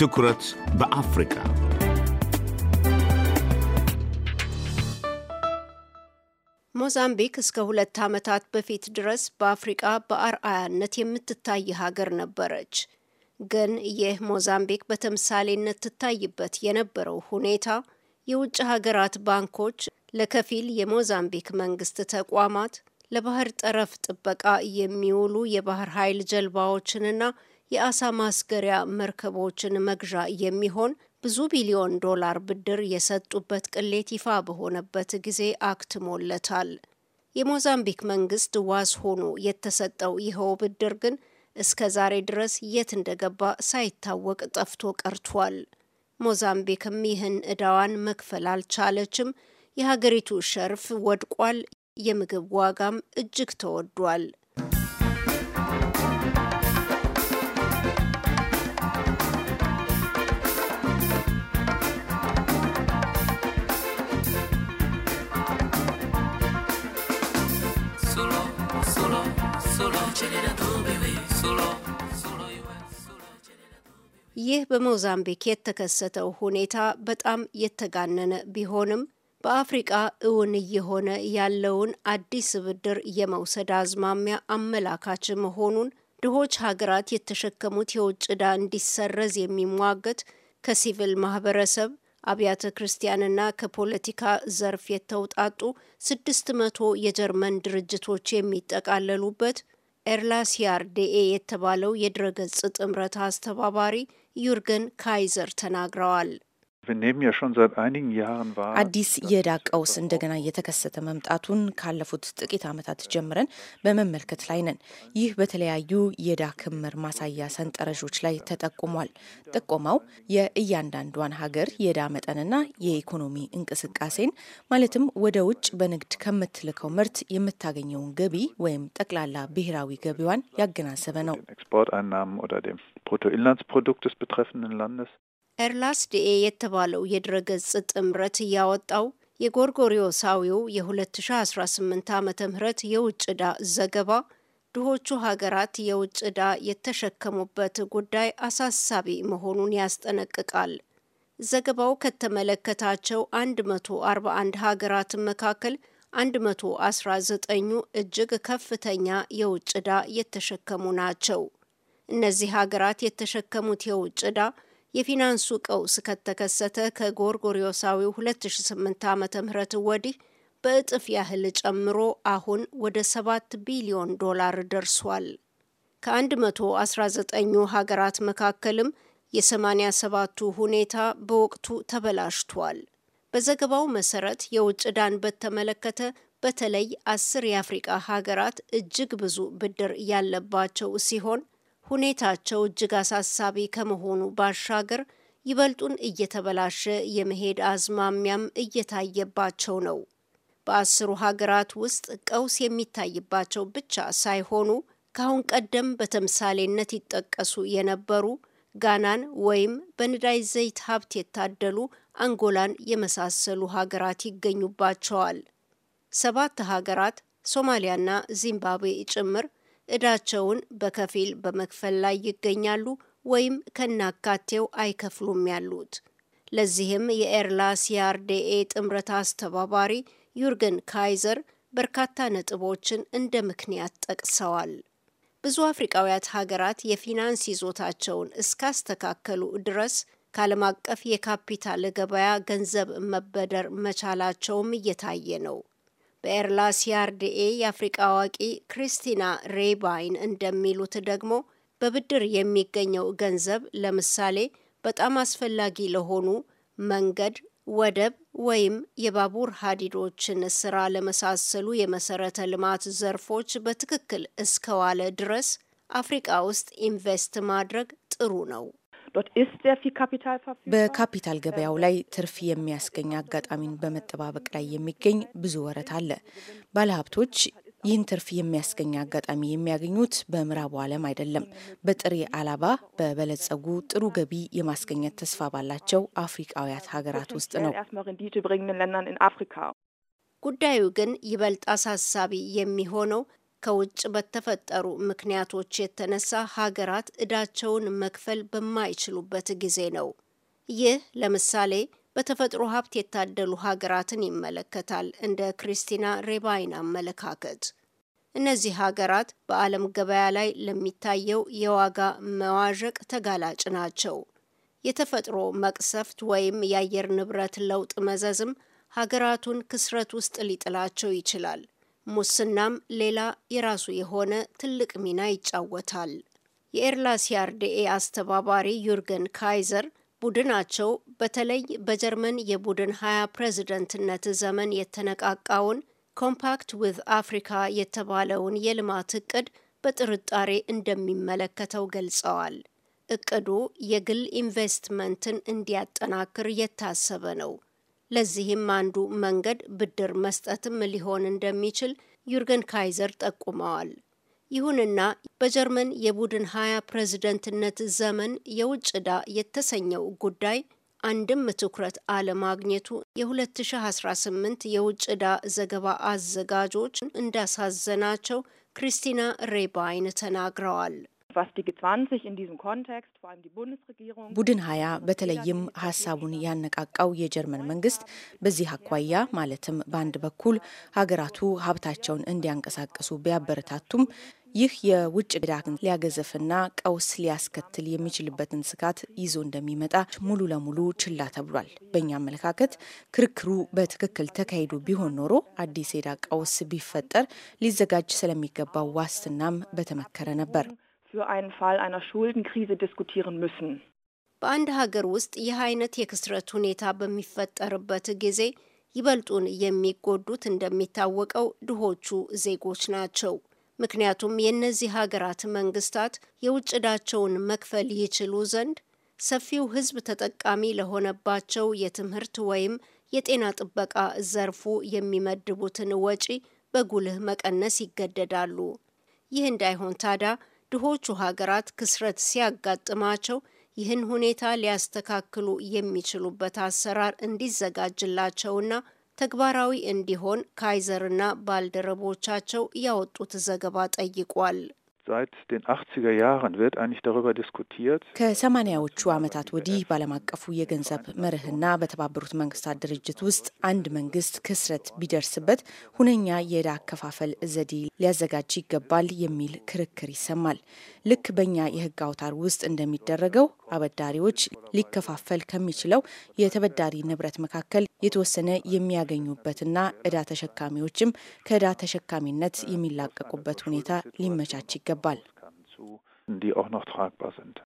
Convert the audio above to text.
ትኩረት በአፍሪካ ሞዛምቢክ እስከ ሁለት ዓመታት በፊት ድረስ በአፍሪቃ በአርአያነት የምትታይ ሀገር ነበረች። ግን ይህ ሞዛምቢክ በተምሳሌነት ትታይበት የነበረው ሁኔታ የውጭ ሀገራት ባንኮች ለከፊል የሞዛምቢክ መንግስት ተቋማት ለባህር ጠረፍ ጥበቃ የሚውሉ የባህር ኃይል ጀልባዎችንና የአሳ ማስገሪያ መርከቦችን መግዣ የሚሆን ብዙ ቢሊዮን ዶላር ብድር የሰጡበት ቅሌት ይፋ በሆነበት ጊዜ አክትሞለታል። የሞዛምቢክ መንግስት ዋስ ሆኖ የተሰጠው ይኸው ብድር ግን እስከ ዛሬ ድረስ የት እንደገባ ሳይታወቅ ጠፍቶ ቀርቷል። ሞዛምቢክም ይህን እዳዋን መክፈል አልቻለችም። የሀገሪቱ ሸርፍ ወድቋል። የምግብ ዋጋም እጅግ ተወዷል። ይህ በሞዛምቢክ የተከሰተው ሁኔታ በጣም የተጋነነ ቢሆንም በአፍሪቃ እውን እየሆነ ያለውን አዲስ ብድር የመውሰድ አዝማሚያ አመላካች መሆኑን ድሆች ሀገራት የተሸከሙት የውጭ ዕዳ እንዲሰረዝ የሚሟገት ከሲቪል ማህበረሰብ አብያተ ክርስቲያንና ከፖለቲካ ዘርፍ የተውጣጡ ስድስት መቶ የጀርመን ድርጅቶች የሚጠቃለሉበት ኤርላሲያር ዴኤ የተባለው የድረገጽ ጥምረት አስተባባሪ ዩርገን ካይዘር ተናግረዋል። አዲስ የዳ ቀውስ እንደገና እየተከሰተ መምጣቱን ካለፉት ጥቂት ዓመታት ጀምረን በመመልከት ላይ ነን። ይህ በተለያዩ የዳ ክምር ማሳያ ሰንጠረዦች ላይ ተጠቁሟል። ጥቆማው የእያንዳንዷን ሀገር የዳ መጠንና የኢኮኖሚ እንቅስቃሴን ማለትም ወደ ውጭ በንግድ ከምትልከው ምርት የምታገኘውን ገቢ ወይም ጠቅላላ ብሔራዊ ገቢዋን ያገናዘበ ነው። ኤርላስዲኤ የተባለው የድረገጽ ጥምረት ያወጣው የጎርጎሪዮሳዊው የ2018 ዓ ም የውጭ ዕዳ ዘገባ ድሆቹ ሀገራት የውጭ ዕዳ የተሸከሙበት ጉዳይ አሳሳቢ መሆኑን ያስጠነቅቃል። ዘገባው ከተመለከታቸው 141 ሀገራት መካከል 119ኙ እጅግ ከፍተኛ የውጭ ዕዳ የተሸከሙ ናቸው። እነዚህ ሀገራት የተሸከሙት የውጭ ዕዳ የፊናንሱ ቀውስ ከተከሰተ ከጎርጎሪዮሳዊው 2008 ዓ ም ወዲህ በእጥፍ ያህል ጨምሮ አሁን ወደ 7 ቢሊዮን ዶላር ደርሷል። ከ119ኙ ሀገራት መካከልም የ87ቱ ሁኔታ በወቅቱ ተበላሽቷል። በዘገባው መሰረት የውጭ ዕዳን በተመለከተ በተለይ አስር የአፍሪቃ ሀገራት እጅግ ብዙ ብድር ያለባቸው ሲሆን ሁኔታቸው እጅግ አሳሳቢ ከመሆኑ ባሻገር ይበልጡን እየተበላሸ የመሄድ አዝማሚያም እየታየባቸው ነው። በአስሩ ሀገራት ውስጥ ቀውስ የሚታይባቸው ብቻ ሳይሆኑ ከአሁን ቀደም በተምሳሌነት ይጠቀሱ የነበሩ ጋናን ወይም በነዳጅ ዘይት ሀብት የታደሉ አንጎላን የመሳሰሉ ሀገራት ይገኙባቸዋል። ሰባት ሀገራት ሶማሊያና ዚምባብዌ ጭምር እዳቸውን በከፊል በመክፈል ላይ ይገኛሉ ወይም ከናካቴው አይከፍሉም ያሉት። ለዚህም የኤርላ ሲአርዴኤ ጥምረት አስተባባሪ ዩርገን ካይዘር በርካታ ነጥቦችን እንደ ምክንያት ጠቅሰዋል። ብዙ አፍሪቃውያት ሀገራት የፊናንስ ይዞታቸውን እስካስተካከሉ ድረስ ከዓለም አቀፍ የካፒታል ገበያ ገንዘብ መበደር መቻላቸውም እየታየ ነው። በኤርላሲያርድኤ የአፍሪቃ አዋቂ ክሪስቲና ሬባይን እንደሚሉት ደግሞ በብድር የሚገኘው ገንዘብ ለምሳሌ በጣም አስፈላጊ ለሆኑ መንገድ፣ ወደብ ወይም የባቡር ሀዲዶችን ስራ ለመሳሰሉ የመሰረተ ልማት ዘርፎች በትክክል እስከዋለ ድረስ አፍሪቃ ውስጥ ኢንቨስት ማድረግ ጥሩ ነው። በካፒታል ገበያው ላይ ትርፍ የሚያስገኝ አጋጣሚን በመጠባበቅ ላይ የሚገኝ ብዙ ወረት አለ። ባለሀብቶች ይህን ትርፍ የሚያስገኝ አጋጣሚ የሚያገኙት በምዕራቡ ዓለም አይደለም፣ በጥሬ አላባ በበለጸጉ ጥሩ ገቢ የማስገኘት ተስፋ ባላቸው አፍሪካውያት ሀገራት ውስጥ ነው። ጉዳዩ ግን ይበልጥ አሳሳቢ የሚሆነው ከውጭ በተፈጠሩ ምክንያቶች የተነሳ ሀገራት እዳቸውን መክፈል በማይችሉበት ጊዜ ነው። ይህ ለምሳሌ በተፈጥሮ ሀብት የታደሉ ሀገራትን ይመለከታል። እንደ ክሪስቲና ሬባይን አመለካከት እነዚህ ሀገራት በዓለም ገበያ ላይ ለሚታየው የዋጋ መዋዠቅ ተጋላጭ ናቸው። የተፈጥሮ መቅሰፍት ወይም የአየር ንብረት ለውጥ መዘዝም ሀገራቱን ክስረት ውስጥ ሊጥላቸው ይችላል። ሙስናም ሌላ የራሱ የሆነ ትልቅ ሚና ይጫወታል። የኤርላሲ አስተባባሪ ዩርገን ካይዘር ቡድናቸው በተለይ በጀርመን የቡድን ሀያ ፕሬዝደንትነት ዘመን የተነቃቃውን ኮምፓክት ዊዝ አፍሪካ የተባለውን የልማት እቅድ በጥርጣሬ እንደሚመለከተው ገልጸዋል። እቅዱ የግል ኢንቨስትመንትን እንዲያጠናክር የታሰበ ነው። ለዚህም አንዱ መንገድ ብድር መስጠትም ሊሆን እንደሚችል ዩርገን ካይዘር ጠቁመዋል። ይሁንና በጀርመን የቡድን ሀያ ፕሬዝደንትነት ዘመን የውጭ ዕዳ የተሰኘው ጉዳይ አንድም ትኩረት አለማግኘቱ የ2018 የውጭ ዕዳ ዘገባ አዘጋጆች እንዳሳዘናቸው ክሪስቲና ሬባይን ተናግረዋል። ቡድን ሀያ በተለይም ሀሳቡን ያነቃቃው የጀርመን መንግስት በዚህ አኳያ ማለትም በአንድ በኩል ሀገራቱ ሀብታቸውን እንዲያንቀሳቀሱ ቢያበረታቱም ይህ የውጭ ዕዳን ሊያገዘፍና ቀውስ ሊያስከትል የሚችልበትን ስጋት ይዞ እንደሚመጣ ሙሉ ለሙሉ ችላ ተብሏል። በእኛ አመለካከት ክርክሩ በትክክል ተካሂዶ ቢሆን ኖሮ አዲስ የዕዳ ቀውስ ቢፈጠር ሊዘጋጅ ስለሚገባው ዋስትናም በተመከረ ነበር። für einen Fall einer Schuldenkrise diskutieren müssen። በአንድ ሀገር ውስጥ ይህ አይነት የክስረት ሁኔታ በሚፈጠርበት ጊዜ ይበልጡን የሚጎዱት እንደሚታወቀው ድሆቹ ዜጎች ናቸው። ምክንያቱም የእነዚህ ሀገራት መንግስታት የውጭ ዕዳቸውን መክፈል ይችሉ ዘንድ ሰፊው ሕዝብ ተጠቃሚ ለሆነባቸው የትምህርት ወይም የጤና ጥበቃ ዘርፉ የሚመድቡትን ወጪ በጉልህ መቀነስ ይገደዳሉ። ይህ እንዳይሆን ታዲያ ድሆቹ ሀገራት ክስረት ሲያጋጥማቸው ይህን ሁኔታ ሊያስተካክሉ የሚችሉበት አሰራር እንዲዘጋጅላቸውና ተግባራዊ እንዲሆን ካይዘርና ባልደረቦቻቸው ያወጡት ዘገባ ጠይቋል። seit den 80er Jahren wird eigentlich darüber diskutiert. ከሰማኒያዎቹ ዓመታት ወዲህ በዓለም አቀፉ የገንዘብ መርህና በተባበሩት መንግስታት ድርጅት ውስጥ አንድ መንግስት ክስረት ቢደርስበት ሁነኛ የዕዳ አከፋፈል ዘዴ ሊያዘጋጅ ይገባል የሚል ክርክር ይሰማል። ልክ በእኛ የህግ አውታር ውስጥ እንደሚደረገው አበዳሪዎች ሊከፋፈል ከሚችለው የተበዳሪ ንብረት መካከል የተወሰነ የሚያገኙበትና ዕዳ ተሸካሚዎችም ከዕዳ ተሸካሚነት የሚላቀቁበት ሁኔታ ሊመቻች ይገባል። Ball. Die auch noch tragbar sind.